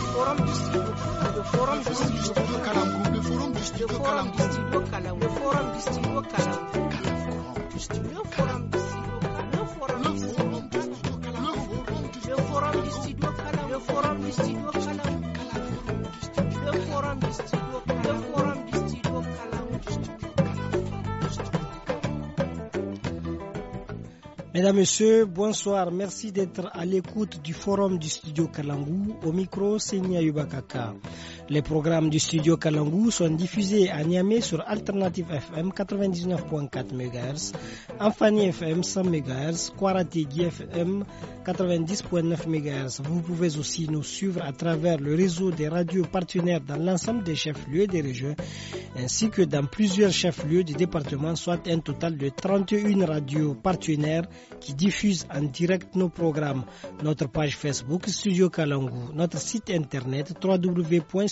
forum calam, le forum calam, le forum district le forum calam, le forum district le forum Mesdames, Messieurs, bonsoir. Merci d'être à l'écoute du forum du studio Kalangou. Au micro, Senia Yubakaka. Les programmes du studio Kalangu sont diffusés à Niamey sur Alternative FM 99.4 MHz, Amphani FM 100 MHz, Kwarategi FM 90.9 MHz. Vous pouvez aussi nous suivre à travers le réseau des radios partenaires dans l'ensemble des chefs-lieux des régions, ainsi que dans plusieurs chefs-lieux du département, soit un total de 31 radios partenaires qui diffusent en direct nos programmes. Notre page Facebook Studio Kalangu, notre site internet www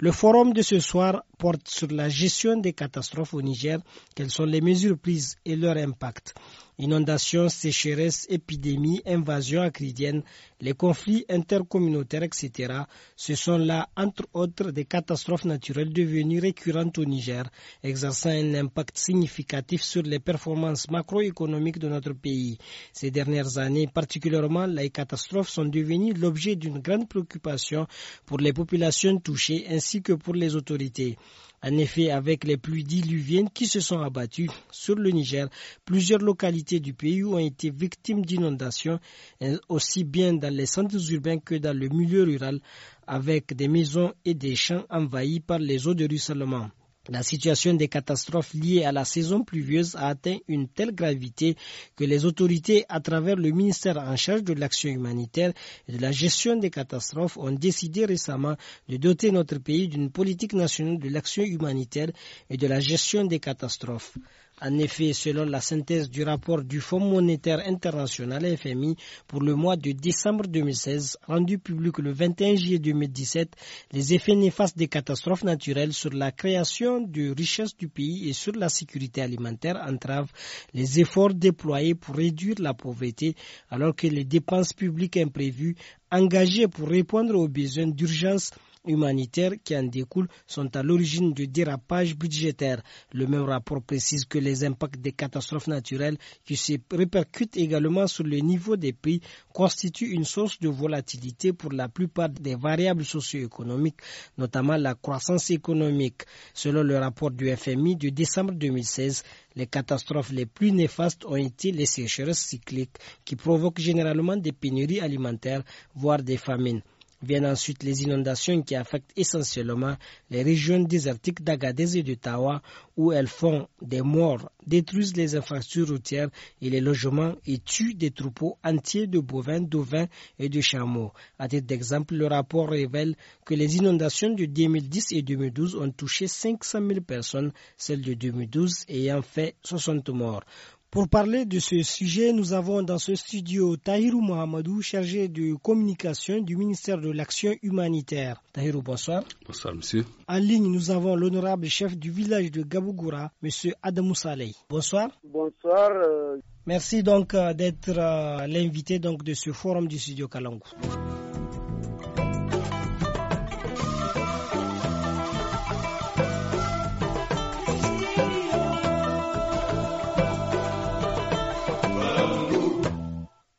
le forum de ce soir porte sur la gestion des catastrophes au Niger, quelles sont les mesures prises et leur impact. Inondations, sécheresses, épidémies, invasions acridiennes, les conflits intercommunautaires, etc. Ce sont là, entre autres, des catastrophes naturelles devenues récurrentes au Niger, exerçant un impact significatif sur les performances macroéconomiques de notre pays. Ces dernières années, particulièrement, les catastrophes sont devenues l'objet d'une grande préoccupation pour les populations touchées ainsi que pour les autorités. En effet, avec les pluies diluviennes qui se sont abattues sur le Niger, plusieurs localités du pays ont été victimes d'inondations, aussi bien dans les centres urbains que dans le milieu rural, avec des maisons et des champs envahis par les eaux de ruissellement. La situation des catastrophes liées à la saison pluvieuse a atteint une telle gravité que les autorités, à travers le ministère en charge de l'action humanitaire et de la gestion des catastrophes, ont décidé récemment de doter notre pays d'une politique nationale de l'action humanitaire et de la gestion des catastrophes. En effet, selon la synthèse du rapport du Fonds monétaire international FMI pour le mois de décembre 2016, rendu public le 21 juillet 2017, les effets néfastes des catastrophes naturelles sur la création de richesses du pays et sur la sécurité alimentaire entravent les efforts déployés pour réduire la pauvreté, alors que les dépenses publiques imprévues engagées pour répondre aux besoins d'urgence humanitaires qui en découlent sont à l'origine du dérapage budgétaire. Le même rapport précise que les impacts des catastrophes naturelles qui se répercutent également sur le niveau des pays constituent une source de volatilité pour la plupart des variables socio-économiques, notamment la croissance économique. Selon le rapport du FMI de décembre 2016, les catastrophes les plus néfastes ont été les sécheresses cycliques qui provoquent généralement des pénuries alimentaires, voire des famines. Viennent ensuite les inondations qui affectent essentiellement les régions désertiques d'Agadez et de Tawa où elles font des morts, détruisent les infrastructures routières et les logements et tuent des troupeaux entiers de bovins, d'ovins et de chameaux. À titre d'exemple, le rapport révèle que les inondations de 2010 et 2012 ont touché 500 000 personnes, celles de 2012 ayant fait 60 morts. Pour parler de ce sujet, nous avons dans ce studio Tahirou Mohamadou, chargé de communication du ministère de l'Action humanitaire. Tahirou, bonsoir. Bonsoir, monsieur. En ligne, nous avons l'honorable chef du village de Gabougoura, monsieur Adamou Saleh. Bonsoir. Bonsoir. Euh. Merci donc euh, d'être euh, l'invité donc de ce forum du studio Kalangou.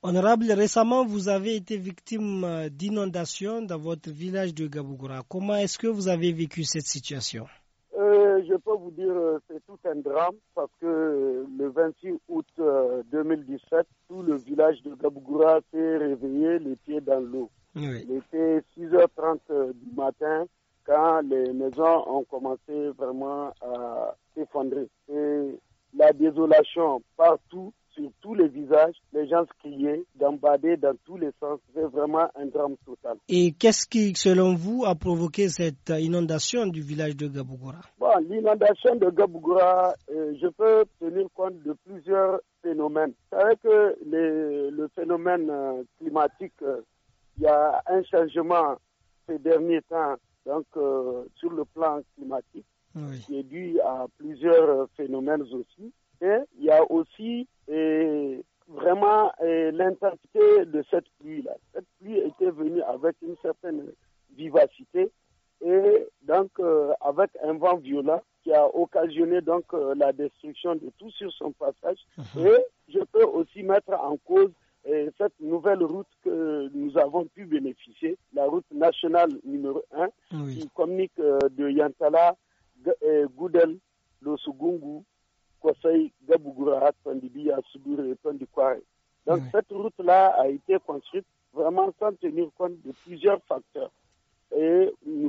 Honorable, récemment, vous avez été victime euh, d'inondations dans votre village de Gabougoura. Comment est-ce que vous avez vécu cette situation euh, Je peux vous dire, euh, c'est tout un drame parce que le 26 août 2017, tout le village de Gabougoura s'est réveillé les pieds dans l'eau. Il était 6h30 du matin quand les maisons ont commencé vraiment à s'effondrer. la désolation partout, sur tous les visages, les gens criaient, d'embader dans tous les sens. C'est vraiment un drame total. Et qu'est-ce qui, selon vous, a provoqué cette inondation du village de Gabougora Bon, l'inondation de Gabougora, euh, je peux tenir compte de plusieurs phénomènes. C'est vrai que le phénomène euh, climatique, euh, il y a un changement ces derniers temps, donc sur le plan climatique, oui. qui est dû à plusieurs phénomènes aussi. Et il y a aussi et vraiment euh, l'intensité de cette pluie-là. Cette pluie était venue avec une certaine vivacité et donc euh, avec un vent violent qui a occasionné donc euh, la destruction de tout sur son passage. Uh-huh. Et je peux aussi mettre en cause euh, cette nouvelle route que nous avons pu bénéficier, la route nationale numéro 1, qui communique de Yantala, Goudel, Losugungu, donc cette route-là a été construite vraiment sans tenir compte de plusieurs facteurs. Et hum,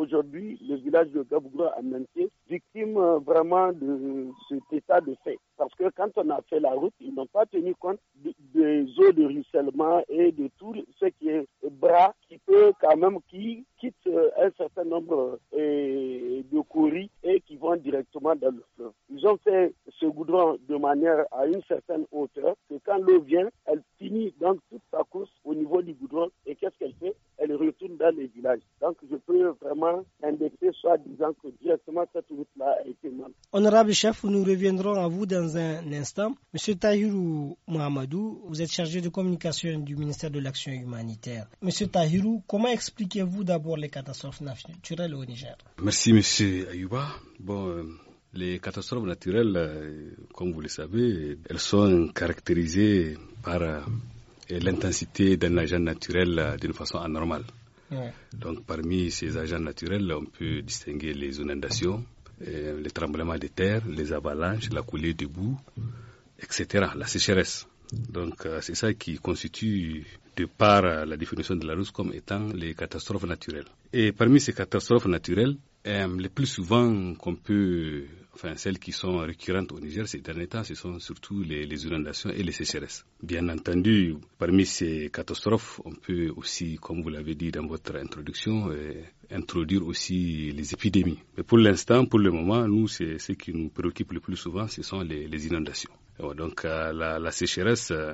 aujourd'hui le village de Gabougra à entier, victime euh, vraiment de cet état de fait. Parce que quand on a fait la route, ils n'ont pas tenu compte des eaux de ruissellement et de tout ce qui est bras qui peut quand même, qui quitte euh, un certain nombre euh, de courries et qui vont directement dans le fleuve. Ils ont fait ce goudron de manière à une certaine hauteur que quand l'eau vient, elle finit dans toute sa course au niveau du goudron et qu'est-ce qu'elle fait Elle retourne dans les villages. Donc je peux vraiment soi-disant indexé, disant que directement cette route-là a été mal. Honorable chef, nous reviendrons à vous dans un instant. Monsieur Tahirou Mohamadou, vous êtes chargé de communication du ministère de l'Action humanitaire. Monsieur Tahirou, comment expliquez-vous d'abord les catastrophes naturelles au Niger Merci, monsieur Ayouba. Bon. Euh, les catastrophes naturelles, euh, comme vous le savez, elles sont caractérisées par euh, l'intensité d'un agent naturel d'une façon anormale. Donc parmi ces agents naturels, on peut distinguer les inondations, euh, les tremblements de terre, les avalanches, la coulée de boue, etc., la sécheresse. Donc euh, c'est ça qui constitue de par euh, la définition de la rousse comme étant les catastrophes naturelles. Et parmi ces catastrophes naturelles, les le plus souvent qu'on peut enfin celles qui sont récurrentes au Niger ces derniers temps, ce sont surtout les, inondations et les sécheresses. Bien entendu, parmi ces catastrophes, on peut aussi, comme vous l'avez dit dans votre introduction, euh, introduire aussi les épidémies. Mais pour l'instant, pour le moment, nous, ce qui nous préoccupe le plus souvent, ce sont les inondations. Oh, donc euh, la, la, sécheresse, euh,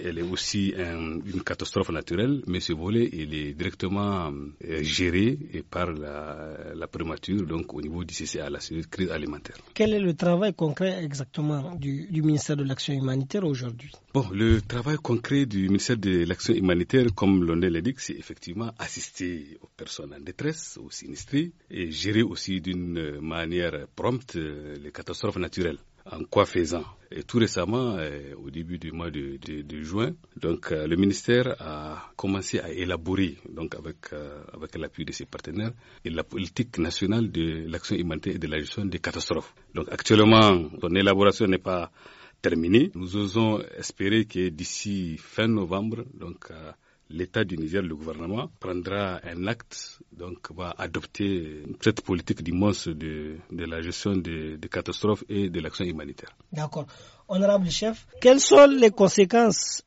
elle est aussi une catastrophe naturelle, mais ce volet, il est directement euh, géré et par la, prémature, donc au niveau du CCA, la crise alimentaire. Quel est le travail concret exactement du, du ministère de l'Action humanitaire aujourd'hui Bon, le travail concret du ministère de l'Action humanitaire, comme l'on l'indique, c'est effectivement assister aux personnes en détresse, aux sinistrés, et gérer aussi d'une manière prompte les catastrophes naturelles. En quoi faisant et tout récemment, eh, au début du mois de, juin, donc euh, le ministère a commencé à élaborer, donc avec euh, avec l'appui de ses partenaires, la politique nationale de l'action humanitaire et de la gestion des catastrophes. Donc actuellement, son élaboration n'est pas terminée. Nous osons espérer que d'ici fin novembre, donc euh, l'État du Niger, le gouvernement, prendra un acte, donc va adopter cette politique d'immense de, de la gestion des catastrophes et de l'action humanitaire. D'accord. Honorable chef, quelles sont les conséquences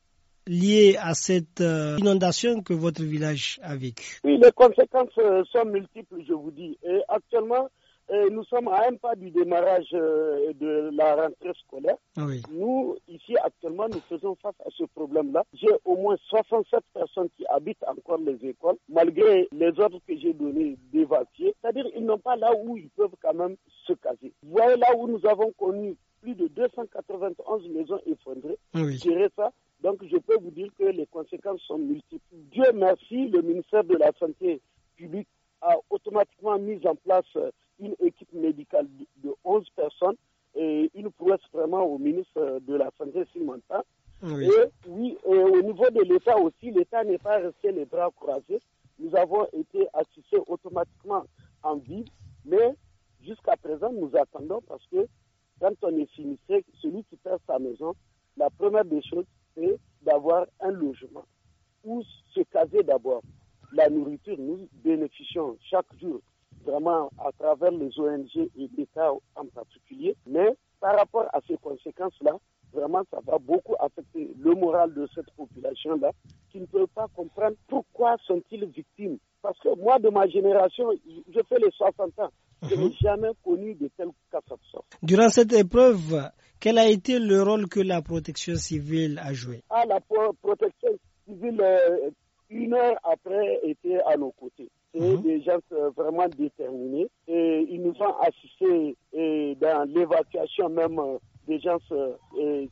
liées à cette euh, inondation que votre village a vécue Oui, les conséquences euh, sont multiples, je vous dis. Et actuellement, euh, nous sommes à un pas du démarrage euh, de la rentrée scolaire. Ah nous, ici, actuellement, nous faisons face à ce problème-là. J'ai au moins 67 personnes qui habitent encore les écoles, malgré les ordres que j'ai donnés d'évacuer. C'est-à-dire, ils n'ont pas là où ils peuvent quand même se caser. Vous voyez là où nous avons connu plus de 291 maisons effondrées. Ah oui. ça, donc je peux vous dire que les conséquences sont multiples. Dieu merci, le ministère de la Santé publique a automatiquement mis en place euh, une équipe médicale de 11 personnes et une prouesse vraiment au ministre de la Santé, Simonta. Oui. Et oui, au niveau de l'État aussi, l'État n'est pas resté les bras croisés. Nous avons été assistés automatiquement en vie, mais jusqu'à présent, nous attendons parce que quand on est sinistré, celui qui perd sa maison, la première des choses, c'est d'avoir un logement ou se caser d'abord. La nourriture, nous bénéficions chaque jour vraiment à travers les ONG et l'État en particulier. Mais par rapport à ces conséquences-là, vraiment, ça va beaucoup affecter le moral de cette population-là qui ne peut pas comprendre pourquoi sont-ils victimes. Parce que moi, de ma génération, je fais les 60 ans. Je n'ai mhm. jamais connu de telles catastrophes. Durant cette épreuve, quel a été le rôle que la protection civile a joué Ah, la protection civile, euh, une heure après, était à nos côtés. C'est mhm gens euh, vraiment déterminés et ils nous ont assistés dans l'évacuation même euh, des gens euh,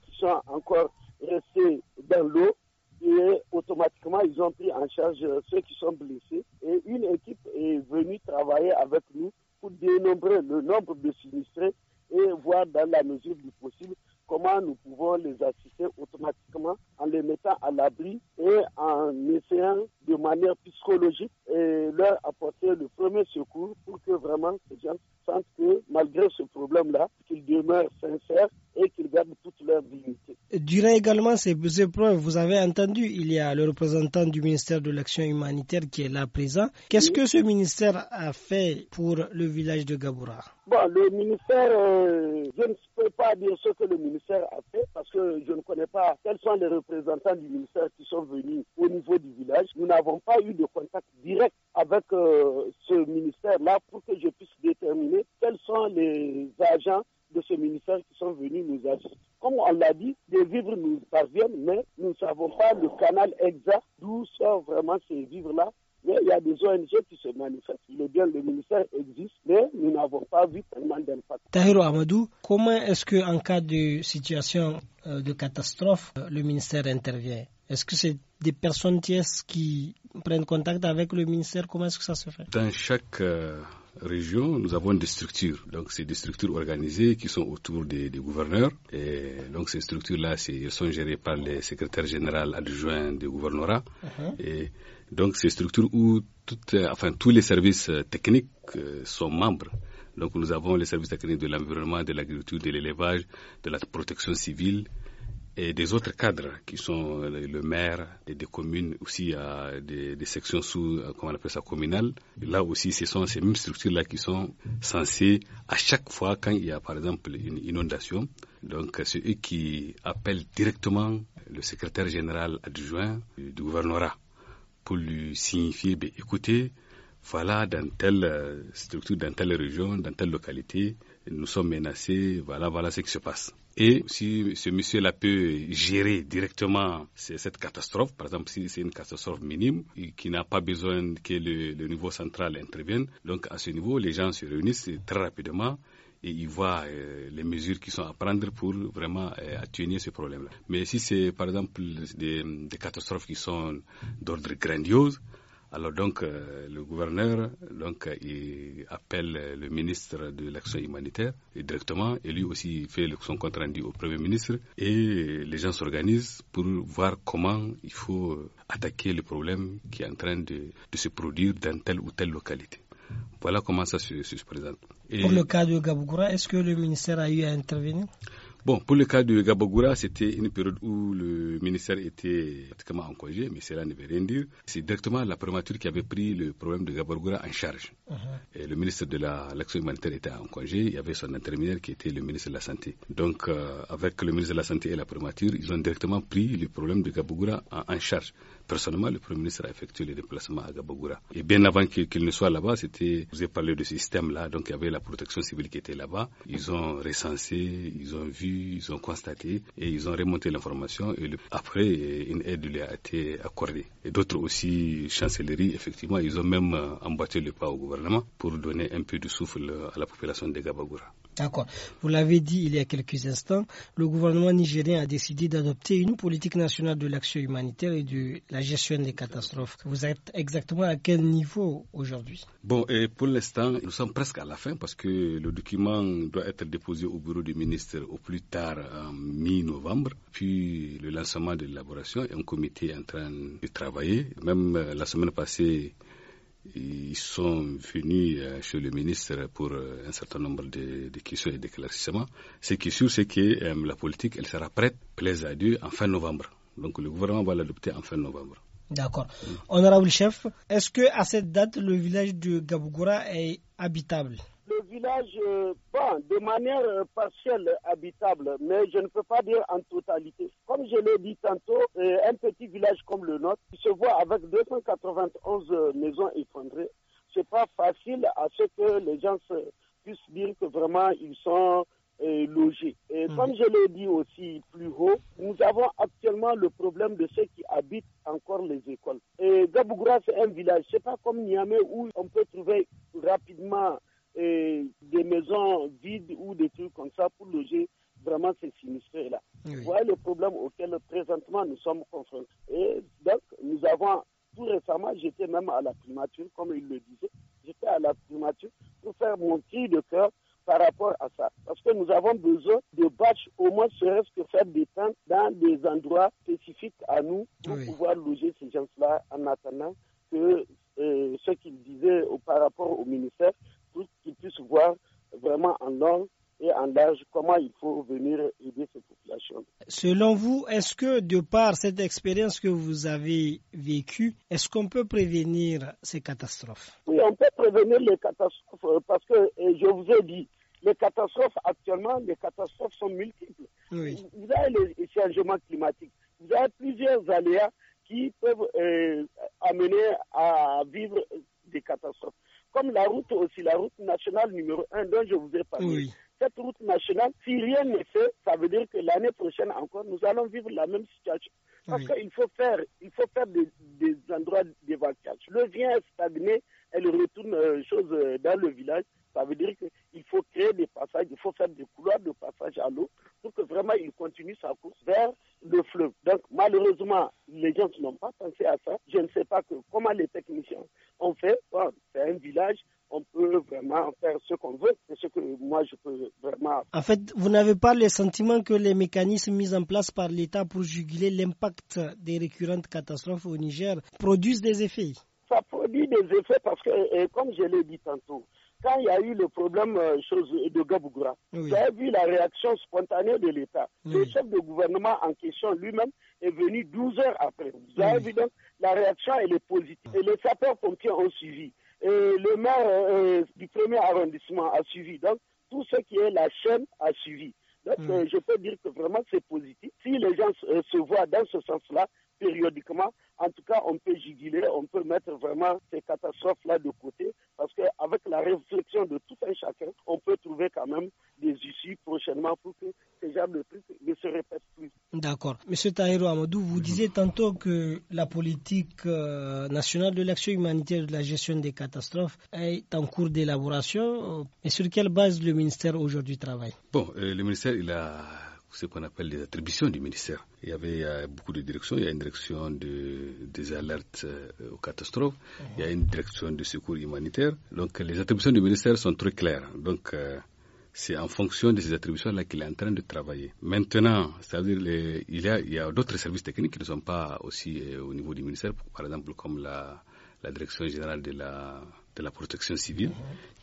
qui sont encore restés dans l'eau et automatiquement ils ont pris en charge ceux qui sont blessés et une équipe est venue travailler avec nous pour dénombrer le nombre de sinistrés et voir dans la mesure du possible comment nous pouvons les assister automatiquement en les mettant à l'abri et en essayant de manière psychologique secours pour que vraiment ces gens sentent que malgré ce problème-là, qu'ils demeurent sincères et qu'ils gardent toute leur dignité. Durant également ces épreuves, vous avez entendu, il y a le représentant du ministère de l'Action humanitaire qui est là présent. Qu'est-ce que ce ministère a fait pour le village de Gaboura Bon, le ministère, euh, je ne peux pas dire ce que le ministère a fait parce que je ne connais pas quels sont les représentants du ministère qui sont venus au niveau du village. Nous n'avons pas eu de contact direct avec euh, ministère-là pour que je puisse déterminer quels sont les agents de ce ministère qui sont venus nous assister. Comme on l'a dit, des vivres nous parviennent, mais nous ne savons pas le canal exact d'où sortent vraiment ces vivres-là. Mais il y a des ONG qui se manifestent. Le bien, le ministère existe, mais nous n'avons pas vu tellement d'impact. Tahiro Amadou, comment est-ce qu'en cas de situation euh, de catastrophe, euh, le ministère intervient Est-ce que c'est des personnes tierces qui prennent contact avec le ministère Comment est-ce que ça se fait Dans chaque euh, région, nous avons des structures. Donc, c'est des structures organisées qui sont autour des, gouverneurs. Et donc, ces structures-là, elles sont gérées par les secrétaires généraux adjoints du gouvernorat. Uh-huh. Et donc, ces structures où euh, enfin, tous les services euh, techniques sont membres. Donc, nous avons les services techniques de l'environnement, de l'agriculture, de l'élevage, de la protection civile, et des autres cadres qui sont le maire des communes aussi à euh, des, sections sous euh, comment on appelle ça communales là aussi ce sont ces mêmes structures là qui sont censées à chaque fois quand il y a par exemple une inondation donc c'est eux qui appellent directement le secrétaire général adjoint du gouvernorat pour lui signifier ben, écoutez voilà dans telle euh, structure dans telle région dans telle localité nous sommes menacés voilà voilà ce qui se passe et si ce monsieur-là peut gérer directement cette catastrophe, par exemple si c'est une catastrophe minime et qui n'a pas besoin que le, niveau central intervienne, donc à ce niveau, les gens se réunissent très rapidement et ils voient euh, les mesures qui sont à prendre pour vraiment euh, atténuer ce problème-là. Mais si c'est par exemple des catastrophes qui sont d'ordre grandiose, alors donc, euh, le gouverneur euh, il appelle le ministre de l'Action humanitaire directement et lui aussi fait son compte rendu au Premier ministre et les gens s'organisent pour voir comment il faut euh, attaquer le problème qui est en train de, se produire dans telle ou telle localité. Voilà comment ça se, présente. pour le cas de Gaboukoura, est-ce que le ministère a eu à intervenir Bon, pour le cas de Gabogoura, c'était une période où le ministère était pratiquement en congé, mais cela ne veut rien dire. C'est directement la prémature qui avait pris le problème de Gabogoura en charge. Uh-huh. Et le ministre de l'Action humanitaire était en congé, il y avait son intermédiaire qui était le ministre de la Santé. Donc, euh, avec le ministre de la Santé et la prémature, ils ont directement pris le problème de Gabogoura en charge Personnellement, le Premier ministre a effectué le déplacements à Gabagura Et bien avant qu'il ne soit là-bas, c'était, vous avez parlé de ce système-là, donc il y avait la protection civile qui était là-bas. Ils ont recensé, ils ont vu, ils ont constaté et ils ont remonté l'information et après, une aide lui a été accordée. Et d'autres aussi, chancellerie, effectivement, ils ont même euh, emboîté le pas au gouvernement pour donner un peu de souffle à la population de Gabagoura. D'accord. Vous l'avez dit il y a quelques instants, le gouvernement nigérien a décidé d'adopter une politique nationale de l'action humanitaire et de la gestion des catastrophes. Vous êtes exactement à quel niveau aujourd'hui Bon, et pour l'instant, nous sommes presque à la fin parce que le document doit être déposé au bureau du ministre au plus tard en mi-novembre. Puis le lancement de l'élaboration, un comité en train de travailler. Même euh, la semaine passée, ils sont venus euh, chez le ministre pour euh, un certain nombre de, questions et d'éclaircissements. Ce qui est sûr, c'est que euh, la politique, sera prête, plaise à Dieu, en fin novembre. Donc le gouvernement va l'adopter en fin novembre. D'accord. Mm. Honorable chef, est-ce que à cette date, le village de Gabougoura est habitable le village, euh, bon, de manière euh, partielle habitable, mais je ne peux pas dire en totalité. Comme je l'ai dit tantôt, euh, un petit village comme le nôtre qui se voit avec 291 maisons effondrées, c'est pas facile à ce que les gens puissent dire que vraiment ils sont logés. Et mmh. comme je l'ai dit aussi plus haut, nous avons actuellement le problème de ceux qui habitent encore les écoles. Et Gabougra, c'est un village. C'est pas comme Niamey où on peut trouver rapidement et des maisons vides ou des trucs comme ça pour loger vraiment ces sinistrés-là. Voilà le problème auquel présentement nous sommes confrontés. Et donc, nous avons, tout récemment, j'étais même à la primature, comme il le disait, j'étais à la primature pour faire mon cri de cœur par rapport à ça. Parce que nous avons besoin de bâches, au moins serait-ce que faire des tentes dans des endroits spécifiques à nous pour pouvoir loger ces gens-là en attendant que euh, ce qu'il disait par rapport au ministère, il faut venir aider cette population Selon vous, est-ce que de par cette expérience que vous avez vécue, est-ce qu'on peut prévenir ces catastrophes Oui, on peut prévenir les catastrophes euh, parce que euh, je vous ai dit, les catastrophes actuellement, les catastrophes sont multiples. Vous avez le changement climatique, vous avez plusieurs aléas qui peuvent euh, amener à vivre des catastrophes. Comme la route aussi, la route nationale numéro 1 dont je vous ai parlé. Oui cette route nationale, si rien n'est fait, ça veut dire que l'année prochaine encore, nous allons vivre la même situation. Parce qu'il faut faire, il faut faire des, des endroits d'évacuation. Le vient est stagné, elle retourne euh, chose euh, dans le village. Ça veut dire qu'il faut créer des passages, il faut faire des couloirs de passage à l'eau pour que vraiment il continue sa course vers le fleuve. Donc malheureusement, les gens n'ont pas pensé à ça. Je ne sais pas comment les techniciens ont fait. c'est un village, on peut vraiment faire ce qu'on veut. C'est ce que moi, je peux vraiment. En fait, vous n'avez pas le sentiment que les mécanismes mis en place par l'État pour juguler l'impact des récurrentes catastrophes au Niger produisent des effets Ça produit des effets parce que, comme je l'ai dit tantôt, quand il y a eu le problème euh, de Gabougra, vous avez vu la réaction spontanée de l'État. Le chef de gouvernement en question lui-même est venu 12 heures après. Vous avez vu donc la réaction, elle est positive. Et les sapeurs-pompiers ont suivi le maire euh, du premier arrondissement a suivi. Donc, tout ce qui est la chaîne a suivi. Donc, hmm. euh, je peux dire que vraiment, c'est positif. Si les gens se euh, voient dans ce sens-là, périodiquement. En tout cas, on peut juguler, on peut mettre vraiment ces catastrophes-là de côté, parce qu'avec la réflexion de tout un chacun, on peut trouver quand même des issues prochainement pour que ces gens de ne se répètent plus. D'accord. Monsieur Tahiro Amadou, vous disiez tantôt que la politique euh, nationale de l'action humanitaire et de la gestion des catastrophes est en cours d'élaboration. Et sur quelle base le ministère aujourd'hui travaille Bon, euh, le ministère, il a ce qu'on appelle les attributions du ministère. Il y avait euh, beaucoup de directions. Il y a une direction de, des alertes euh, aux catastrophes. Il y a une direction de secours humanitaire. Donc, les attributions du ministère sont très claires. Donc, euh, c'est en fonction de ces attributions-là qu'il est en train de travailler. Maintenant, c'est-à-dire il y a, d'autres services techniques qui ne sont pas aussi au niveau du ministère, par exemple comme la direction générale de la de la protection civile,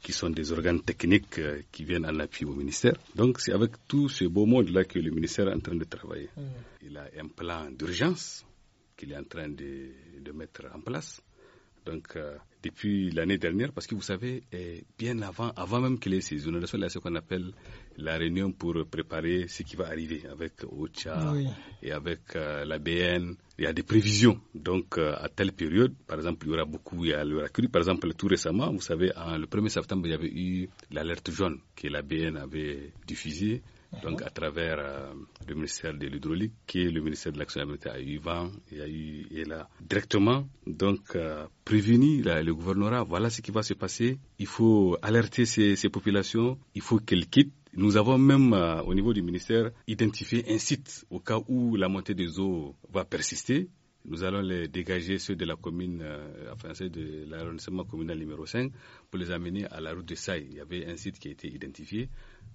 qui sont des organes techniques euh, qui viennent en appui au ministère. Donc c'est avec tout ce beau monde-là que le ministère est en train de travailler. Mm. Il a un plan d'urgence qu'il est en train de mettre en place. Donc, euh, depuis l'année dernière, parce que vous savez, eh, bien avant, avant même que les saisons, ne il ce qu'on appelle la réunion pour préparer ce qui va arriver avec OCHA et avec l'ABN euh, la BN. Il y a des prévisions. Donc, euh, à telle période, par exemple, il y aura beaucoup, il y, aura Par exemple, tout récemment, vous savez, le 1er septembre, il y avait eu l'alerte jaune que la BN avait diffusée. Donc, à travers euh, le ministère de l'hydraulique, qui est le ministère de l'action humanitaire, il y a eu vent, il a et là, directement, donc, euh, prévenu le gouvernorat, voilà ce qui va se passer. Il faut alerter ces, populations, il faut qu'elles quittent. Nous avons même, euh, au niveau du ministère, identifié un site au cas où la montée des eaux va persister. Nous allons les dégager, ceux de la commune, euh, de l'arrondissement communal numéro 5, pour les amener à la route de Saï. Il y avait un site qui a été identifié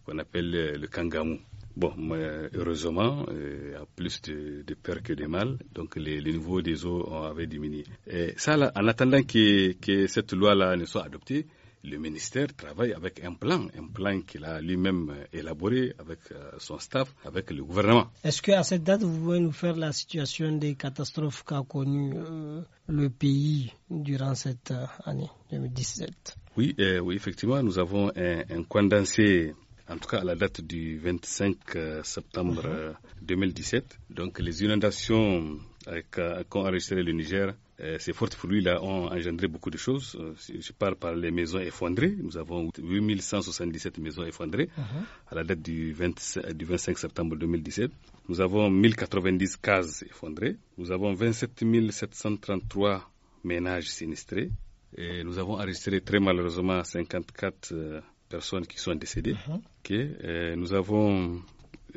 qu'on appelle euh, le Kangamu. Bon, euh, heureusement, euh, il y a plus de, de peur que de mal, donc les, les niveaux des eaux avaient diminué. Et ça, en attendant que, que cette loi-là ne soit adoptée, le ministère travaille avec un plan, un plan qu'il a lui-même élaboré avec son staff, avec le gouvernement. Est-ce qu'à cette date, vous pouvez nous faire la situation des catastrophes qu'a connu le pays durant cette année 2017 Oui, oui effectivement, nous avons un, un condensé en tout cas à la date du 25 euh, septembre 2017. Mhm. Euh, Donc les inondations euh, qu'ont enregistré le Niger, ces fortes pluies là ont engendré beaucoup de choses. Je parle par les maisons effondrées. Nous avons 8177 maisons effondrées mhm. à la date du, 25 septembre 2017. Nous avons 1090 cases effondrées. Nous avons 27 733 ménages sinistrés. Et nous avons enregistré très malheureusement 54 personnes qui sont décédées, mhm. euh, nous avons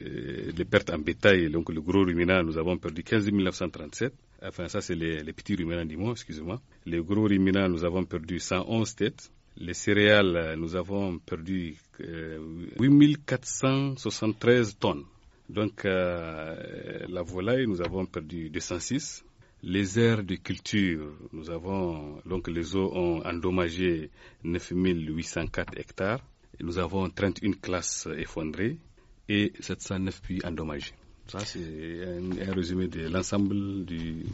euh, des pertes en bétail, donc le gros ruminant, nous avons perdu 15 937. Enfin, ça, c'est les, petits ruminants, du moi excusez-moi. Les gros ruminant, nous avons perdu 111 têtes. Les céréales, nous avons perdu 8 euh, 473 tonnes. Donc, la volaille, nous avons perdu 206 les aires de culture, nous avons, donc les eaux ont endommagé 9804 hectares. nous avons 31 classes effondrées et 709 puits endommagés. Ça, c'est un, résumé de l'ensemble du,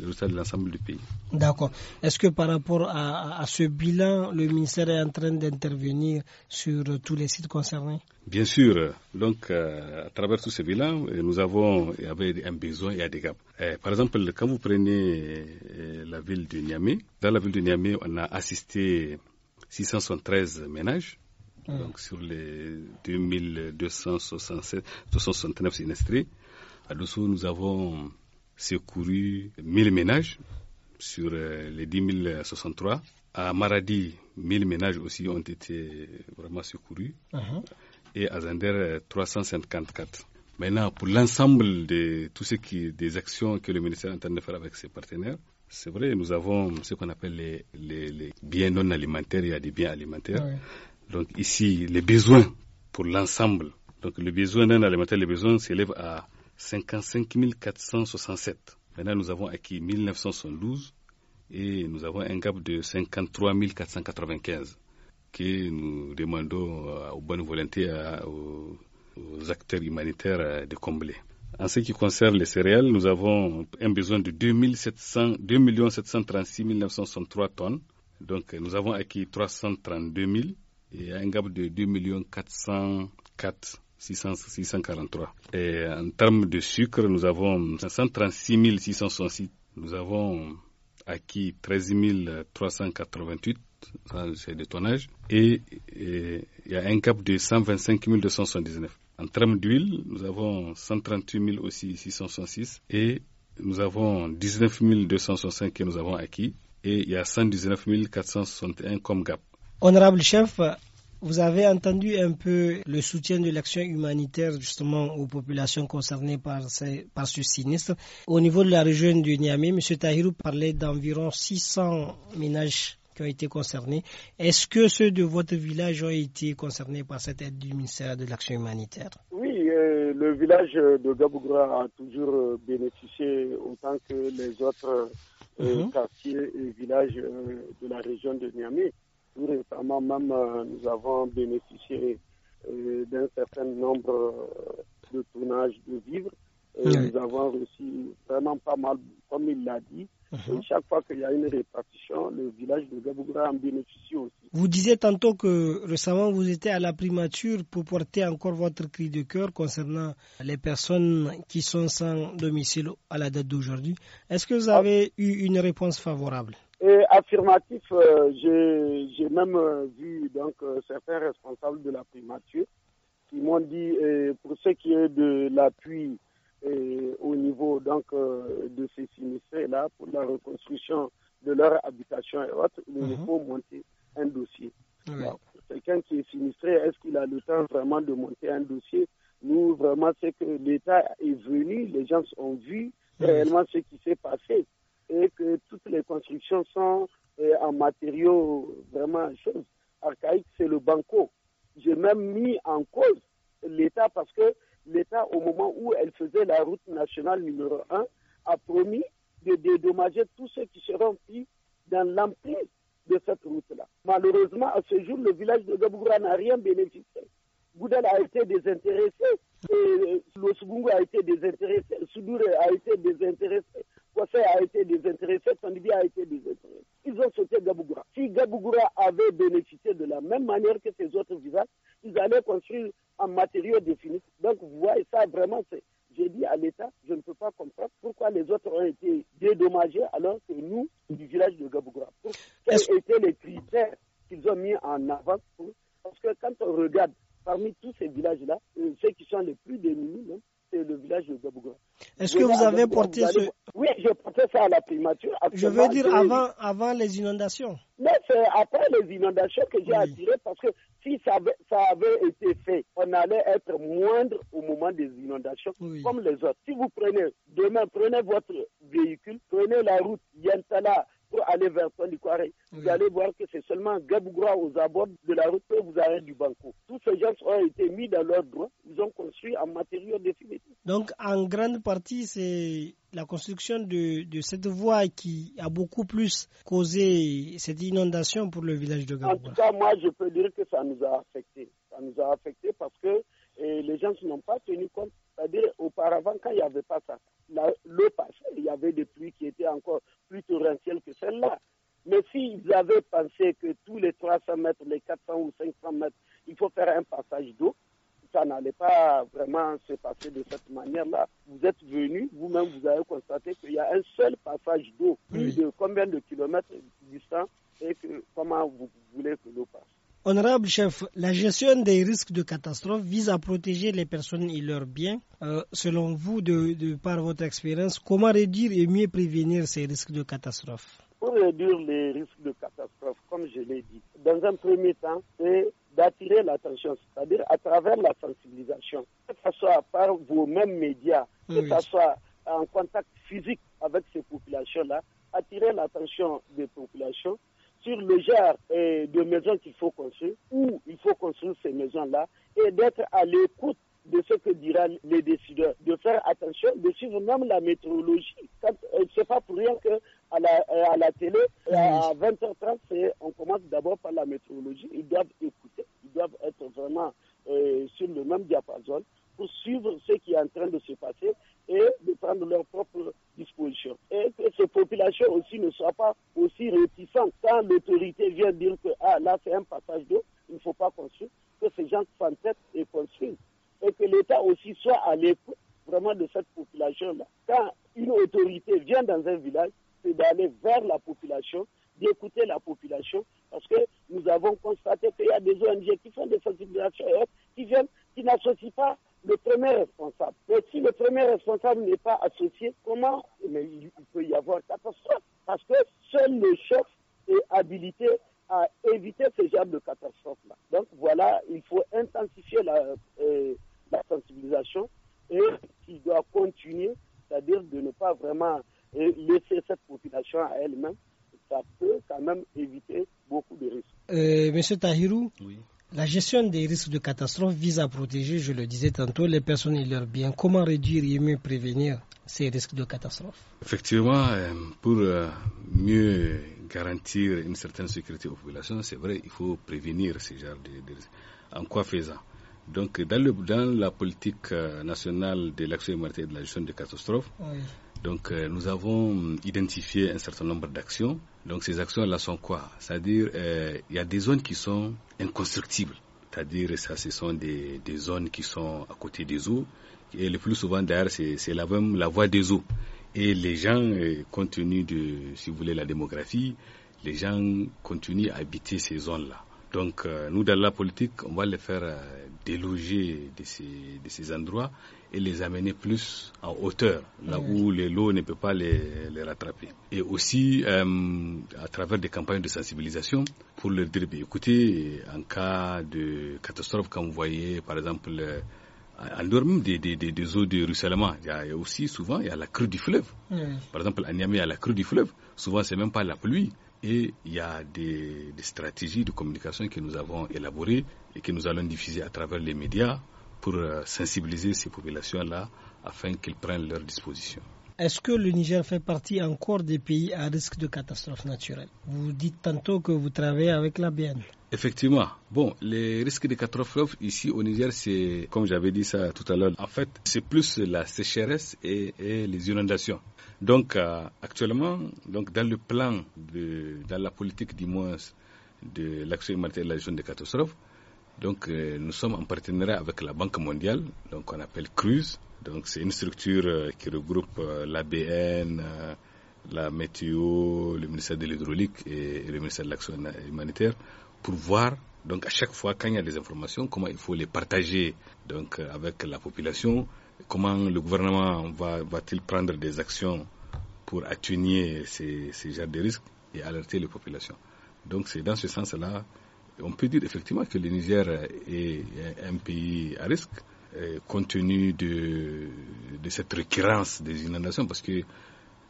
euh, de l'ensemble du pays. D'accord. Est-ce que par rapport à, ce bilan, le ministère est en train d'intervenir sur tous les sites concernés Bien sûr. Donc, euh, à travers tous ces bilans, euh, nous avons un besoin et un dégât. par exemple, quand vous prenez la ville de Niamey, dans la ville de Niamey, on a assisté 673 ménages Mm. Donc sur les 2269 sinistrés, à Dosso, nous avons secouru 1000 ménages sur euh, les 10 063. À Maradi, 1000 ménages aussi ont été vraiment secourus. Uh-huh. Et à Zander, 354. Euh, Maintenant, pour l'ensemble de tout ce qui des actions que le ministère est en train de faire avec ses partenaires, c'est vrai, nous avons ce qu'on appelle les, biens non alimentaires, il y a des biens alimentaires. Ah donc ici, les besoins pour l'ensemble, donc le besoin d'un alimentaire, les besoins s'élève à 55 467. Maintenant, nous avons acquis 1972 et nous avons un gap de 53 495 que nous demandons aux bonnes volontés, aux, acteurs humanitaires euh, de combler. En ce qui concerne les céréales, nous avons un besoin de 2 736 963 tonnes. Donc nous avons acquis 332 000 et un gap de 2 404 643. Et en termes de sucre, nous avons 536 666. Nous avons acquis 13 388, c'est de et il y a un cap de 125 279. En termes d'huile, nous avons 138 aussi 666 et nous avons 19 265 que nous avons acquis et il y a 119 461 comme gap. Honorable chef, vous avez entendu un peu le soutien de l'action humanitaire justement aux populations concernées par, ce sinistre. Au niveau de la région de Niamey, M. Tahirou parlait d'environ 600 ménages qui ont été concernés. Est-ce que ceux de votre village ont été concernés par cette aide du ministère de l'action humanitaire Oui, euh, le village de Gabougra a toujours euh, bénéficié autant que les autres euh, mhm. quartiers et villages de la région de Niamey. Tout récemment même, euh, nous avons bénéficié euh, d'un certain nombre euh, de tournages de vivres. Nous avons reçu vraiment pas mal, comme il l'a dit. Uh-huh. chaque fois qu'il y a une répartition, le village de Gabougra en bénéficie aussi. Vous disiez tantôt que récemment vous étiez à la primature pour porter encore votre cri de cœur concernant les personnes qui sont sans domicile à la date d'aujourd'hui. Est-ce que vous ah. avez eu une réponse favorable et affirmatif, euh, j'ai même euh, vu donc euh, certains responsables de la primature qui m'ont dit pour ce qui est de l'appui au niveau donc de ces sinistrés là pour la reconstruction de leur habitation et autres, nous il mhm. faut monter un dossier. Quelqu'un qui est sinistré, est-ce qu'il a le temps vraiment de monter un dossier Nous vraiment c'est que l'État est venu, les gens ont vu mhm. réellement ce qui s'est passé et que toutes les constructions sont euh, en matériaux vraiment archaïques, c'est le banco. J'ai même mis en cause l'État parce que l'État, au moment où elle faisait la route nationale numéro 1, a promis de dédommager tous ceux qui seront pris dans l'emprise de cette route-là. Malheureusement, à ce jour, le village de Gaboura n'a rien bénéficié. Goudal a été désintéressé, et euh, a été désintéressé, Sudure a été désintéressé, Kwassé a été désintéressé, Sandibi a été désintéressé. Ils ont sauté Gabugura. Si Gabugura avait bénéficié de la même manière que ces autres villages, ils allaient construire en matériaux définis. Donc vous voyez ça vraiment, c'est j'ai dit à l'État, je ne peux pas comprendre pourquoi les autres ont été dédommagés alors que nous, du village de Gabugura, quels étaient les critères qu'ils ont mis en avant pour... Parce que quand on regarde parmi tous ces villages-là, euh, ceux qui sont les plus démunis, hein, c'est le village de Gabougra. Est-ce que vous avez porté ce... Oui, je portais ça à la primature. Je veux dire avant, avant les inondations. Mais c'est après les inondations que j'ai attiré parce que si ça avait, été fait, on allait être moindre au moment des inondations comme les autres. Si vous prenez, demain, prenez votre véhicule, prenez la route Yantala pour aller vers du oui. vous allez voir que c'est seulement Gabougra aux abords de la route que vous avez du Banco. Tous ces gens ont été mis dans leur droit. ils ont construit en matériaux définitifs. Donc en grande partie, c'est la construction de, cette voie qui a beaucoup plus causé cette inondation pour le village de Gabougra. En tout cas, moi, je peux dire que ça nous a affectés. Ça nous a affectés parce que eh, les gens n'ont pas tenu compte c'est-à-dire, auparavant, quand il n'y avait pas ça, l'eau passait, il y avait des pluies qui étaient encore plus torrentielles que celles-là. Mais s'ils avaient pensé que tous les 300 mètres, les 400 ou 500 mètres, il faut faire un passage d'eau, ça n'allait pas vraiment se passer de cette manière-là. Vous êtes venu, vous-même, vous avez constaté qu'il y a un seul passage d'eau, plus de combien de kilomètres distant, et comment vous voulez que l'eau passe Honorable chef, la gestion des risques de catastrophe vise à protéger les personnes et leurs biens. Euh, selon vous, de, par votre expérience, comment réduire et mieux prévenir ces risques de catastrophe Pour réduire les risques de catastrophe, comme je l'ai dit, dans un premier temps, c'est d'attirer l'attention, c'est-à-dire à travers la sensibilisation, que ce soit par vos-mêmes médias, que ce soit en contact physique avec ces populations-là, attirer l'attention des populations sur le genre euh, de maisons qu'il faut construire, où il faut construire ces maisons-là, et d'être à l'écoute de ce que diront les décideurs, de faire attention, de suivre même la météorologie. Euh, c'est pas pour rien que à la, euh, à la télé, à 20h30, on commence d'abord par la météorologie. Ils doivent écouter, ils doivent être vraiment sur le même diapason pour suivre ce qui est en train de se passer et de prendre leurs propres dispositions population aussi ne soit pas aussi réticente quand l'autorité vient dire que ah, là c'est un passage d'eau, il ne faut pas construire, que ces gens s'entêtent et construisent. Et que l'État aussi soit à l'écoute vraiment de cette population-là. Quand une autorité vient dans un village, c'est d'aller vers la population, d'écouter la population, parce que nous avons constaté qu'il y a des ONG qui font des sensibilisations et qui viennent, qui n'associent pas le premier responsable. Et si le premier responsable n'est pas associé, comment mais il peut y avoir catastrophe, parce que seul le chef est habilité à éviter ce genre de catastrophe-là. Donc voilà, il faut intensifier la, euh, la sensibilisation et qui doit continuer, c'est-à-dire de ne pas vraiment euh, laisser cette population à elle-même. Ça peut quand même éviter beaucoup de risques. Euh, Monsieur Tahirou, oui. La gestion des risques de catastrophe vise à protéger, je le disais tantôt, les personnes et leurs biens. Comment réduire et mieux prévenir ces risques de catastrophe Effectivement, euh, pour euh, mieux garantir une certaine sécurité aux populations, c'est vrai, il faut prévenir ces genre de, risques. En quoi faisant Donc, dans, le, dans, la politique euh, nationale de l'action humanitaire et de la gestion des catastrophes, donc euh, nous avons hum, identifié un certain nombre d'actions. Donc ces actions-là sont quoi C'est-à-dire euh, il y a des zones qui sont inconstructibles. C'est-à-dire ça, ce sont des, des, zones qui sont à côté des eaux. Et le plus souvent d'ailleurs, c'est la, la voie des eaux. Et les gens, euh, continuent compte tenu de, si vous voulez, la démographie, les gens continuent à habiter ces zones-là. Donc nous, dans la politique, on va les faire déloger de ces, de ces endroits et les amener plus en hauteur, là où les ne peut pas les, rattraper. Et aussi euh, à travers des campagnes de sensibilisation pour leur dire, écoutez, en cas de catastrophe, quand vous voyez par exemple euh, en dehors même des, des, des, eaux de ruissellement, il y, a, aussi souvent il y a la crue du fleuve. Par exemple, à Niamey, il y a la crue du fleuve. Souvent, c'est même pas la pluie. Et il y a des, stratégies de communication que nous avons élaborées et que nous allons diffuser à travers les médias, pour euh, sensibiliser ces populations-là afin qu'ils prennent leurs dispositions. Est-ce que le Niger fait partie encore des pays à risque de catastrophe naturelles Vous dites tantôt que vous travaillez avec la BN. Effectivement. Bon, les risques de catastrophes ici au Niger, c'est, comme j'avais dit ça tout à l'heure, en fait, c'est plus la sécheresse et, les inondations. Donc, euh, actuellement, donc dans le plan, de, dans la politique du moins de l'action humanitaire de la gestion des catastrophes, donc euh, nous sommes en partenariat avec la Banque mondiale, donc on appelle CRUZ. Donc c'est une structure euh, qui regroupe euh, l'ABN, la météo, le ministère de l'hydraulique et, le ministère de l'action humanitaire pour voir donc à chaque fois quand il y a des informations comment il faut les partager donc avec la population, comment le gouvernement va va-t-il prendre des actions pour atténuer ces, ces genres de risques et alerter les populations. Donc c'est dans ce sens-là on peut dire effectivement que le Niger est un pays à risque euh, compte tenu de, cette récurrence des inondations parce que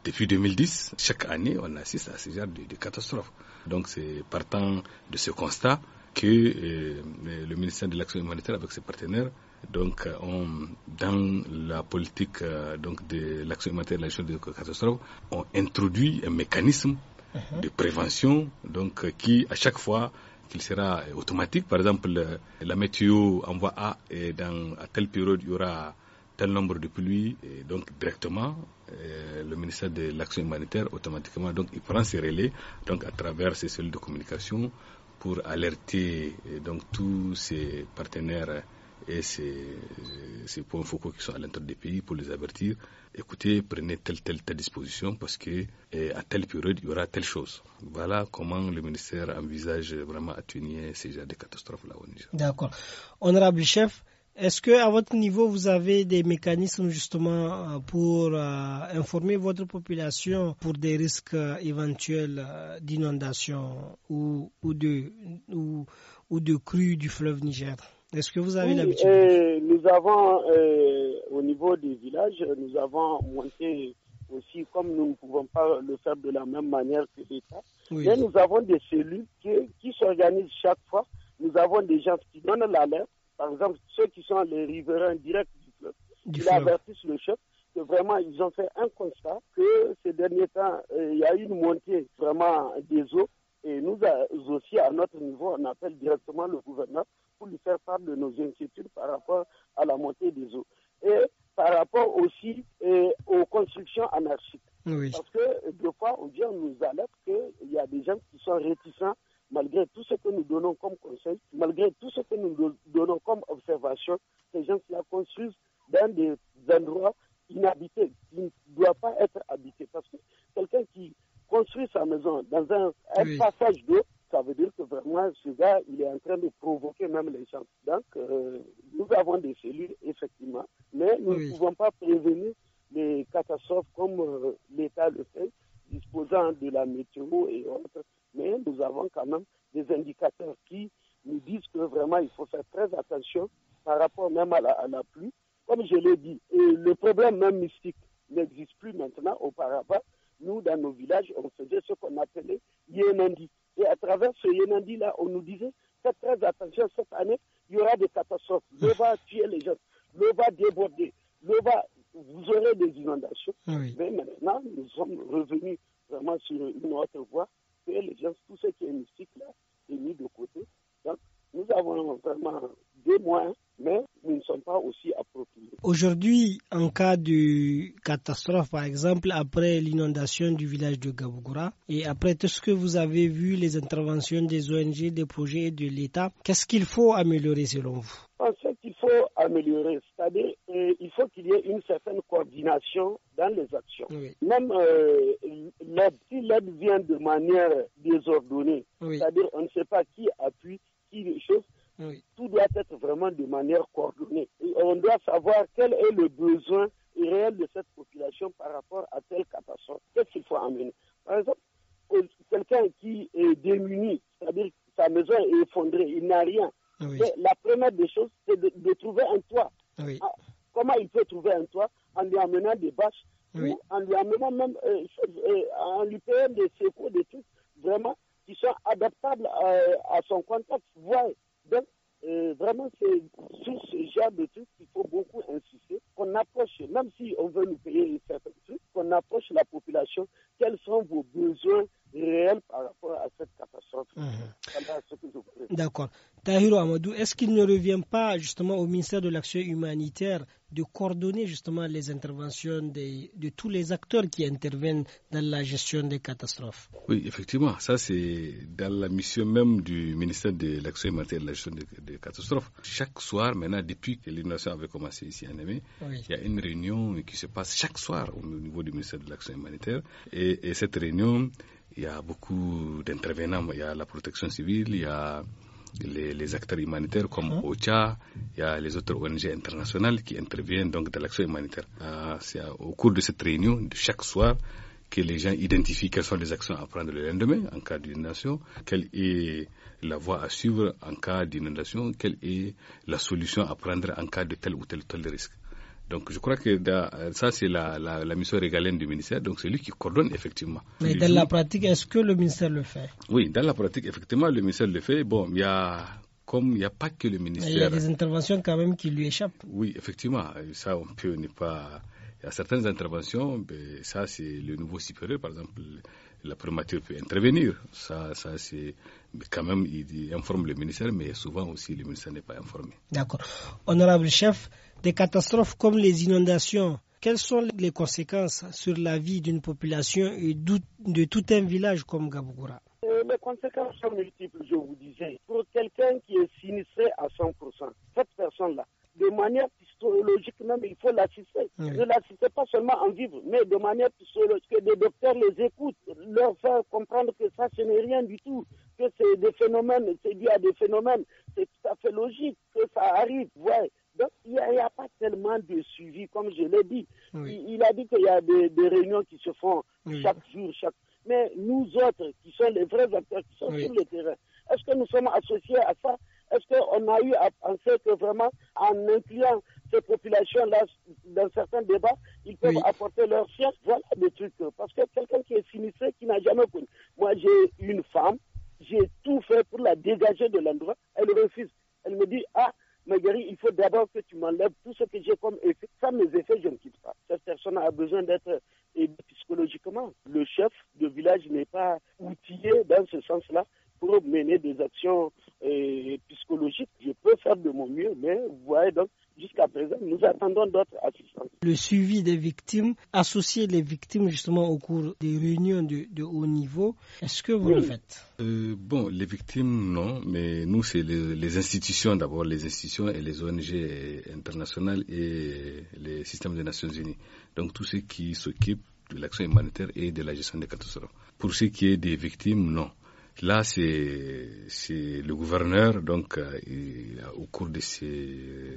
depuis 2010, chaque année, on assiste à ces genre de, catastrophes. Donc c'est partant de ce constat que euh, le ministère de l'Action humanitaire avec ses partenaires donc dans la politique euh, donc de l'action humanitaire de la des catastrophes ont introduit un mécanisme uh-huh. de prévention donc qui à chaque fois qu'il sera automatique. Par exemple, euh, la météo envoie A et dans, à telle période, il y aura tel nombre de pluies. Et donc, directement, euh, le ministère de l'Action humanitaire, automatiquement, donc, il prend ses relais donc, à travers ses cellules de communication pour alerter donc, tous ses partenaires et c'est pour points focaux qui sont à l'intérieur des pays pour les avertir. Écoutez, prenez telle, telle, telle disposition parce que eh, à telle période, il y aura telle chose. Voilà comment le ministère envisage vraiment atténuer ces genres de catastrophes-là au Niger. D'accord. Honorable chef, est-ce que à votre niveau vous avez des mécanismes justement euh, pour euh, informer votre population pour des risques euh, éventuels d'inondation ou, ou, de ou, ou de crues du fleuve Niger? Est-ce que vous avez l'habitude euh, Nous avons, euh, au niveau des villages, nous avons monté aussi, comme nous ne pouvons pas le faire de la même manière que l'État, oui. mais nous avons des cellules qui, s'organisent chaque fois. Nous avons des gens qui donnent l'alerte, par exemple ceux qui sont les riverains directs du fleuve, qui avertissent le chef que vraiment ils ont fait un constat que ces derniers temps, euh, il y a eu une montée vraiment des eaux. Et nous euh, aussi, à notre niveau, on appelle directement le gouverneur pour lui faire part de nos inquiétudes par rapport à la montée des eaux. Et par rapport aussi eh, aux constructions anarchiques. Parce que de fois, on vient nous alerte qu'il y a des gens qui sont réticents malgré tout ce que nous donnons comme conseil, malgré tout ce que nous donnons comme observation, ces gens qui la construisent dans des endroits inhabités, qui ne doivent pas être habités. Parce que quelqu'un qui construit sa maison dans un, passage d'eau, ça veut dire que vraiment ce gars, il est en train de provoquer même les gens. Donc, euh, nous avons des cellules, effectivement, mais nous ne pouvons pas prévenir les catastrophes comme euh, l'État le fait, disposant de la météo et autres. Mais nous avons quand même des indicateurs qui nous disent que vraiment, il faut faire très attention par rapport même à la, pluie. Comme je l'ai dit, euh, le problème même mystique n'existe plus maintenant. Auparavant, nous, dans nos villages, on faisait ce qu'on appelait Yenandi travers ce Yenandi là, on nous disait, faites très attention cette année, il y aura des catastrophes. L'eau va tuer les gens, l'eau va déborder, l'eau va, vous aurez des inondations. Ah Mais maintenant, nous sommes revenus vraiment sur une autre voie, et les gens, tout ce qui est Aujourd'hui, en cas de catastrophe, par exemple, après l'inondation du village de Gabougoura, et après tout ce que vous avez vu, les interventions des ONG, des projets de l'État, qu'est-ce qu'il faut améliorer selon vous fait, qu'il faut améliorer, c'est-à-dire qu'il euh, il faut qu'il y ait une certaine coordination dans les actions. Même euh, si l'aide vient de manière désordonnée, c'est-à-dire on ne sait pas qui appuie qui les choses, tout doit être vraiment de manière coordonnée. on doit savoir quel est le besoin réel de cette population par rapport à telle catastrophe. Qu'est-ce qu'il faut amener Par exemple, euh, quelqu'un qui est démuni, c'est-à-dire sa maison est effondrée, il n'a rien. Ah la première des choses, c'est de, trouver un toit. Ah ah, comment il peut trouver un toit En lui amenant des bâches, en lui amenant même, euh, euh, en lui payant des secours, des trucs vraiment qui sont adaptables euh, à, son contexte. Voyez, Vraiment, c'est sur ce genre de trucs qu'il faut beaucoup insister, qu'on approche, même si on veut nous payer certains trucs, qu'on approche la population, quels sont vos besoins réels par rapport à cette catastrophe. Mmh. D'accord. Tahiro Amadou, est-ce qu'il ne revient pas justement au ministère de l'Action humanitaire de coordonner justement les interventions de tous les acteurs qui interviennent dans la gestion des catastrophes Oui, effectivement, ça c'est dans la mission même du ministère de l'Action humanitaire et de la gestion des, catastrophes. Chaque soir, maintenant, depuis que l'innovation avait commencé ici en il y a une réunion qui se passe chaque soir au niveau du ministère de l'Action humanitaire. et cette réunion, il y a beaucoup d'intervenants. Il y a la protection civile, il y a les, les acteurs humanitaires comme hein? OCHA, il y a les autres ONG internationales qui interviennent donc dans l'action humanitaire. Euh, c'est au cours de cette réunion, de chaque soir, que les gens identifient quelles sont les actions à prendre le lendemain en cas d'inondation, quelle est la voie à suivre en cas d'inondation, quelle est la solution à prendre en cas de tel ou tel ou tel risque. Donc je crois que ça, c'est la, mission régalienne du ministère, donc c'est lui qui coordonne effectivement. Mais dans la pratique, est-ce que le ministère le fait Oui, dans la pratique, effectivement, le ministère le fait. Bon, il y a comme il n'y a pas que le ministère. il y a des interventions quand même qui lui échappent. Oui, effectivement, ça on peut ne pas. Il y a certaines interventions, ça c'est le nouveau supérieur, par exemple, la primature peut intervenir. Ça, ça c'est quand même il informe le ministère, mais souvent aussi le ministère n'est pas informé. D'accord. Honorable chef, des catastrophes comme les inondations, quelles sont les conséquences sur la vie d'une population et de tout un village comme Gabougura euh, les conséquences sont multiples, je vous disais. Pour quelqu'un qui est sinistré à 100%, cette personne-là, de manière psychologique même, il faut l'assister. Oui. Ne l'assister pas seulement en vivre, mais de manière psychologique, que les docteurs les écoutent, leur faire comprendre que ça, ce n'est rien du tout, que c'est des phénomènes, c'est dû à des phénomènes, c'est tout à fait logique que ça arrive, ouais. Donc, il n'y a, pas tellement de suivi, comme je l'ai dit. Il, a dit qu'il y a des, réunions qui se font chaque jour, chaque. Mais nous autres, qui sommes les vrais acteurs, qui sont sur le terrain, est-ce que nous sommes associés à ça Est-ce qu'on a eu à penser que vraiment, en incluant ces populations-là dans certains débats, ils peuvent apporter leur science Voilà des trucs. Parce que quelqu'un qui est sinistré, qui n'a jamais connu. Moi, j'ai une femme, j'ai tout fait pour la dégager de l'endroit, elle refuse. Elle me dit, ah, il faut d'abord que tu m'enlèves tout ce que j'ai comme effet. Ça, mes effets, je ne quitte pas. Cette personne a besoin d'être aidée psychologiquement. Le chef de village n'est pas outillé dans ce sens-là pour mener des actions euh, psychologiques. Je peux faire de mon mieux, mais vous voyez donc, nous attendons Le suivi des victimes, associer les victimes justement au cours des réunions de, haut niveau, est-ce que vous le faites euh, Bon, les victimes, non, mais nous, c'est les, les, institutions d'abord, les institutions et les ONG internationales et les systèmes des Nations Unies. Donc, tous ceux qui s'occupent de l'action humanitaire et de la gestion des catastrophes. Pour ce qui est des victimes, non. Là, c'est le gouverneur, donc, euh, au cours de ces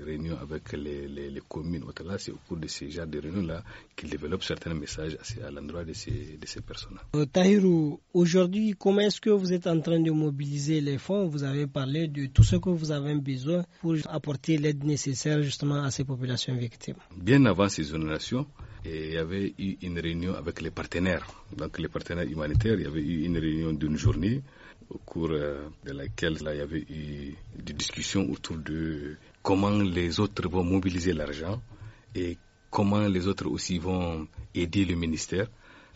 réunions avec les, les, communes, c'est au cours de ces genres de réunions-là qu'il développe certains messages à, l'endroit de ces, personnes. là euh, Tahirou, aujourd'hui, comment est-ce que vous êtes en train de mobiliser les fonds Vous avez parlé de tout ce que vous avez besoin pour apporter l'aide nécessaire justement à ces populations victimes. Bien avant ces générations, et il y avait eu une réunion avec les partenaires. Donc les partenaires humanitaires, il y avait eu une réunion d'une journée au cours euh, de laquelle là, il y avait eu des discussions autour de comment les autres vont mobiliser l'argent et comment les autres aussi vont aider le ministère.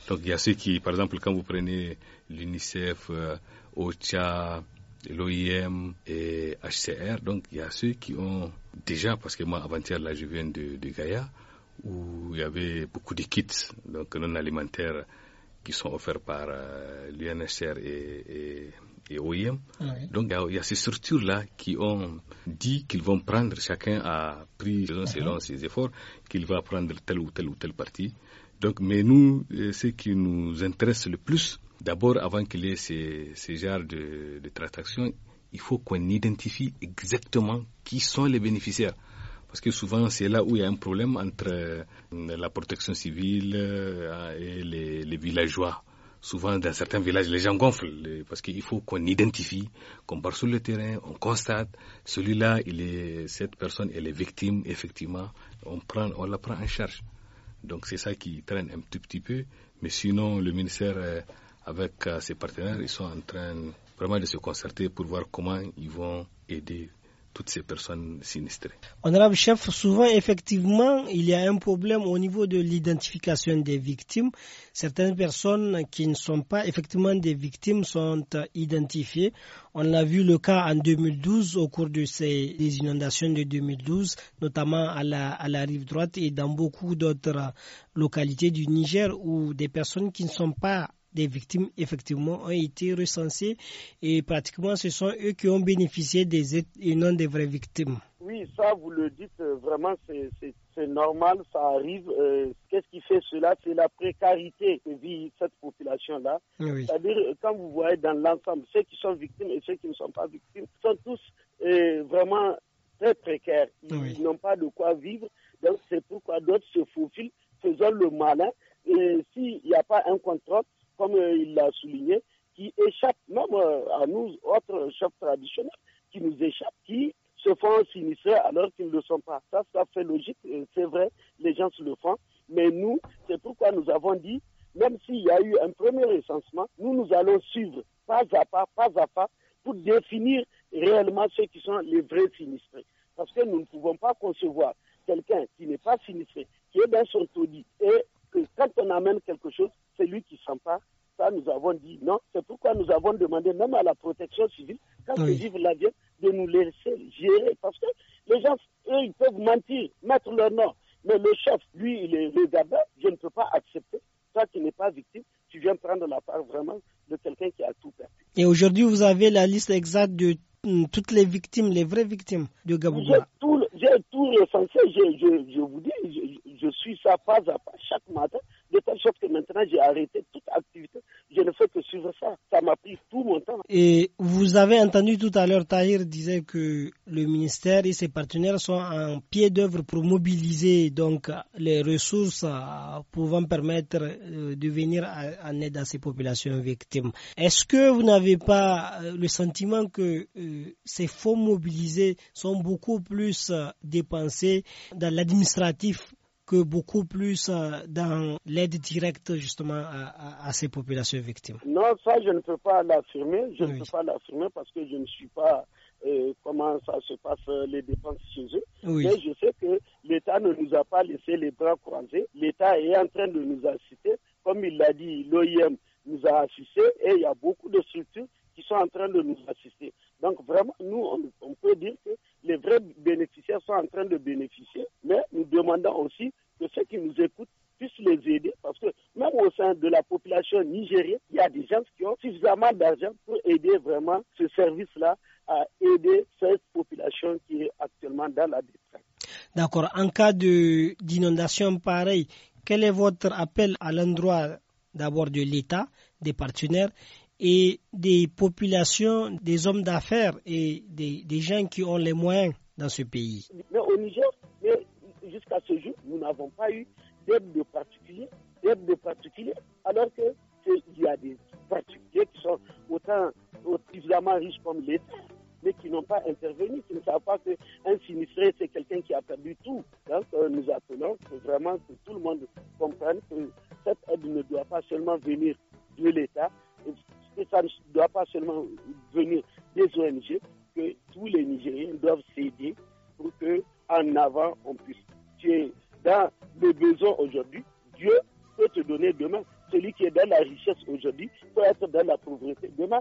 Donc il y a ceux qui, par exemple, quand vous prenez l'UNICEF, euh, OCHA, l'OIM et HCR, donc il y a ceux qui ont déjà, parce que moi avant-hier là je viens de, de Gaïa, où il y avait beaucoup de kits donc non alimentaires qui sont offerts par euh, l'UNHCR et, et, OIM. Donc il y, a, ces structures-là qui ont dit qu'ils vont prendre, chacun a pris selon, ses efforts, qu'il va prendre telle ou telle ou telle partie. Donc, mais nous, euh, ce qui nous intéresse le plus, d'abord avant qu'il y ait ces, ces genres de, de transactions, il faut qu'on identifie exactement qui sont les bénéficiaires. Parce que souvent, c'est là où il y a un problème entre euh, la protection civile euh, et les, villageois souvent dans certains villages, les gens gonflent parce qu'il faut qu'on identifie, qu'on part sur le terrain, on constate celui-là, il est cette personne, elle est victime effectivement, on prend, on la prend en charge. Donc c'est ça qui traîne un tout petit peu, mais sinon le ministère euh, avec ses partenaires, ils sont en train vraiment de se concerter pour voir comment ils vont aider ces personnes sinistrées. Honorable chef, souvent effectivement, il y a un problème au niveau de l'identification des victimes. Certaines personnes qui ne sont pas effectivement des victimes sont identifiées. On l'a vu le cas en 2012 au cours de ces inondations de 2012, notamment à la, à la rive droite et dans beaucoup d'autres localités du Niger où des personnes qui ne sont pas des victimes effectivement ont été recensées et pratiquement ce sont eux qui ont bénéficié des aides et non des vraies victimes. Oui, ça vous le dites euh, vraiment, c'est normal, ça arrive. Euh, qu'est-ce qui fait cela C'est la précarité que vit cette population-là. C'est-à-dire, euh, quand vous voyez dans l'ensemble, ceux qui sont victimes et ceux qui ne sont pas victimes sont tous vraiment très précaires. Ils n'ont pas de quoi vivre. Donc c'est pourquoi d'autres se faufilent, faisant le malin. Et s'il n'y a pas un contrat comme euh, il l'a souligné, qui échappent même euh, à nous autres chefs traditionnels, qui nous échappent, qui se font sinistrés alors qu'ils ne le sont pas. Ça, ça fait logique, euh, c'est vrai, les gens se le font. Mais nous, c'est pourquoi nous avons dit, même s'il y a eu un premier recensement, nous, nous allons suivre pas à pas, pas à pas, pour définir réellement ceux qui sont les vrais sinistrés. Parce que nous ne pouvons pas concevoir quelqu'un qui n'est pas sinistré, qui est dans son taudis, et que quand on amène quelque chose, lui qui sent pas, ça nous avons dit non. C'est pourquoi nous avons demandé même à la protection civile, quand ils vivent la vie, de nous laisser gérer. Parce que les gens, eux, ils peuvent mentir, mettre leur nom. Mais le chef, lui, il est je ne peux pas accepter. Toi qui n'es pas victime, tu viens prendre la part vraiment de quelqu'un qui a tout perdu. Et aujourd'hui, vous avez la liste exacte de mm, toutes les victimes, les vraies victimes de Gabon. J'ai tout, recensé, je, je, vous dis, je, je, suis ça pas à pas chaque matin sauf que maintenant j'ai arrêté toute activité. Je ne fais que suivre ça. Ça m'a pris tout mon temps. Et vous avez entendu tout à l'heure, Tahir disait que le ministère et ses partenaires sont en pied d'œuvre pour mobiliser donc les ressources euh, pouvant permettre euh, de venir en aide à ces populations victimes. Est-ce que vous n'avez pas euh, le sentiment que ces fonds mobilisés sont beaucoup plus dépensés dans l'administratif que beaucoup plus euh, dans l'aide directe justement à, ces populations victimes Non, ça je ne peux pas l'affirmer. Je ne peux pas l'affirmer parce que je ne suis pas euh, comment ça se passe euh, les dépenses chez eux. Mais je sais que l'État ne nous a pas laissé les bras croisés. L'État est en train de nous assister. Comme il l'a dit, l'OIM nous a assistés et il y a beaucoup de structures qui sont en train de nous assister. Donc vraiment, nous, on, peut dire que les vrais bénéficiaires sont en train de bénéficier, mais nous demandons aussi que ceux qui nous écoutent puissent les aider, parce que même au sein de la population nigérienne, il y a des gens qui ont suffisamment d'argent pour aider vraiment ce service-là à aider cette population qui est actuellement dans la détresse. D'accord. En cas d'inondation pareille, quel est votre appel à l'endroit d'abord de l'État, des partenaires, et des populations, des hommes d'affaires et des, gens qui ont les moyens dans ce pays. Mais au Niger, jusqu'à ce jour, nous n'avons pas eu d'aide de particuliers, d'aide de alors que y a des particuliers qui sont autant, évidemment riches comme l'État, mais qui n'ont pas intervenu, qui ne savent pas qu'un sinistré, c'est quelqu'un qui a perdu tout. Donc, euh, nous appelons vraiment que tout le monde comprenne que cette aide ne doit pas seulement venir de l'État, ça ne doit pas seulement venir des ONG, que tous les Nigériens doivent s'aider pour que en avant on puisse. Tu dans le besoins aujourd'hui, Dieu peut te donner demain. Celui qui est dans la richesse aujourd'hui peut être dans la pauvreté demain.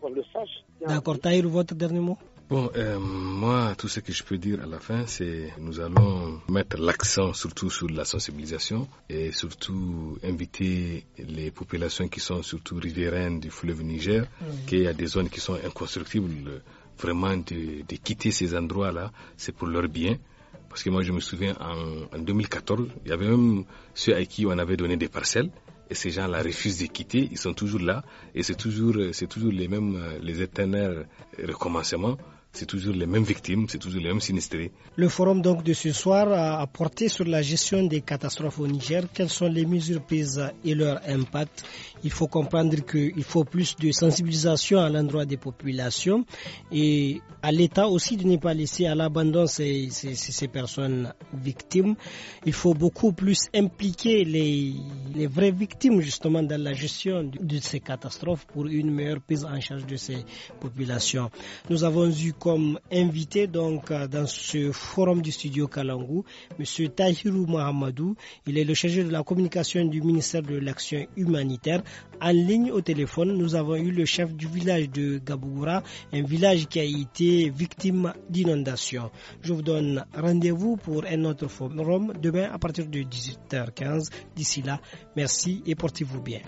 Qu'on le sache. D'accord, votre dernier mot Bon, euh, moi, tout ce que je peux dire à la fin, c'est nous allons mettre l'accent surtout sur la sensibilisation et surtout inviter les populations qui sont surtout riveraines du fleuve Niger, qu'il y a des zones qui sont inconstructibles, vraiment de, quitter ces endroits-là, c'est pour leur bien. Parce que moi, je me souviens, en, en 2014, il y avait même ceux à qui on avait donné des parcelles et ces gens-là refusent de quitter, ils sont toujours là, et c'est toujours, c'est toujours les mêmes, euh, les éternels recommencements. C'est toujours les mêmes victimes, c'est toujours les mêmes sinistrés. Le forum donc de ce soir a porté sur la gestion des catastrophes au Niger. Quelles sont les mesures prises et leur impact Il faut comprendre qu'il faut plus de sensibilisation à l'endroit des populations et à l'État aussi de ne pas laisser à l'abandon ces, ces, personnes victimes. Il faut beaucoup plus impliquer les, vraies victimes justement dans la gestion de ces catastrophes pour une meilleure prise en charge de ces populations. Nous avons eu comme invité donc euh, dans ce forum du studio Kalangou, M. Tahirou Mahamadou. Il est le chargé de la communication du ministère de l'Action humanitaire. En ligne au téléphone, nous avons eu le chef du village de Gabougoura, un village qui a été victime d'inondations. Je vous donne rendez-vous pour un autre forum demain à partir de 18h15. D'ici là, merci et portez-vous bien.